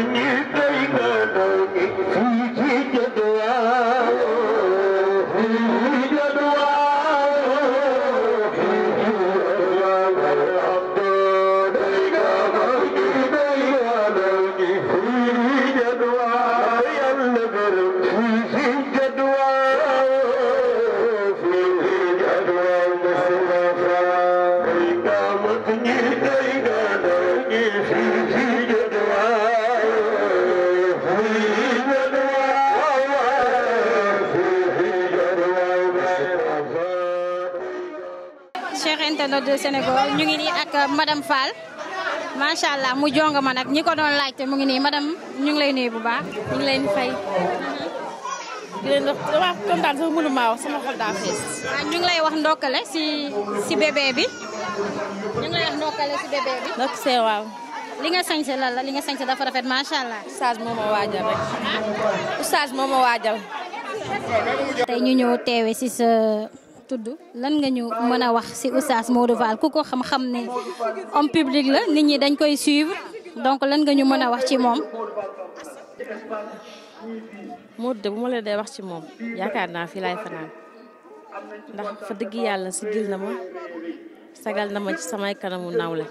ñi internet de Sénégal ñu ngi nii ak madame Fall macha allah mu jonga ma ñi ko doon laajte mu ngi nii madam ñu ngi lay nuyu bu baax. ñu ngi leen fay. di leen wax dama kontaan sama mënu maa fees. Ah, waaw ñu ngi lay wax ndokkale si bébé bi ñu ngi li nga sañse lan la li nga sañse dafa rafet macha allah. oustaz moo ma waajal ah? waajal. tey ñu ñëw teewe si sa. tudd lan nga ñu mën a wax ci oustaz Modou Fall ku ko xam-xam ne homme public la nit ñi dañ koy suivre donc lan nga ñu mën a wax ci moom. Modou de bu ma la dee wax ci moom yaakaar naa fi laay fanaan ndax fa dëgg yàlla sigil na ma sagal na ma ci samay kanamu nawle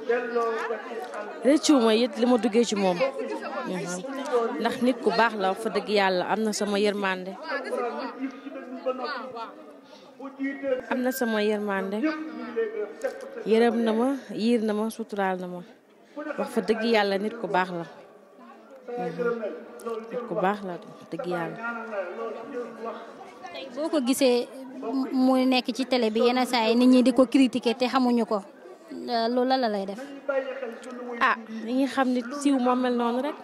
rëccu ma it li ma duggee ci moom. ndax nit ku baax la fa dëgg yàlla am na sama yërmande. am na sama yërmande yërëm na ma yiir na ma suturaal na ma wax fa dëgg yàlla nit ku baax la nit ku baax la dëgg yàlla tey boo ko gisee mu nekk ci télé bi yenn saa yi nit ñi di ko critiquer te xamuñu ko loolu la la lay def ah li nga xam ne siw moo mel noonu rek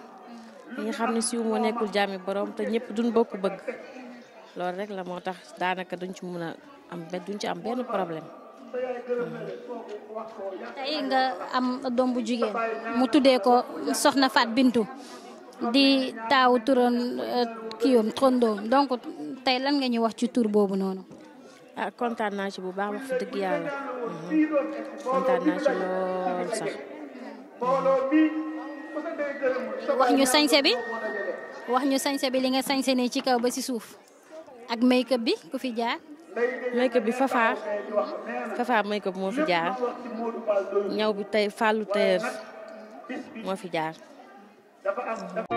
li nga xam ne siw moo nekkul jaami borom te ñëpp duñ bokk bëgg loolu rek la moo tax daanaka duñ ci mun a am benn duñ ci am benn problème. tey nga am doom bu jigéen mu tuddee ko soxna Fat Bintu di taawu turam euh, kiiwam trondoom donc tey lan nga ñu wax ci tuur boobu noonu. ah kontaan naa ci bu baax wax dëgg yàlla mhm. kontaan naa ci lool sax. wax ñu sañse bi wax ñu sañse bi li nga sañse ne ci kaw ba ci suuf. ak make-up bi ku fi jaar. make-up bi Fafa Fafa make-up moo fi jaar ñaw bi tey Fallou Tailleur moo fi jaar.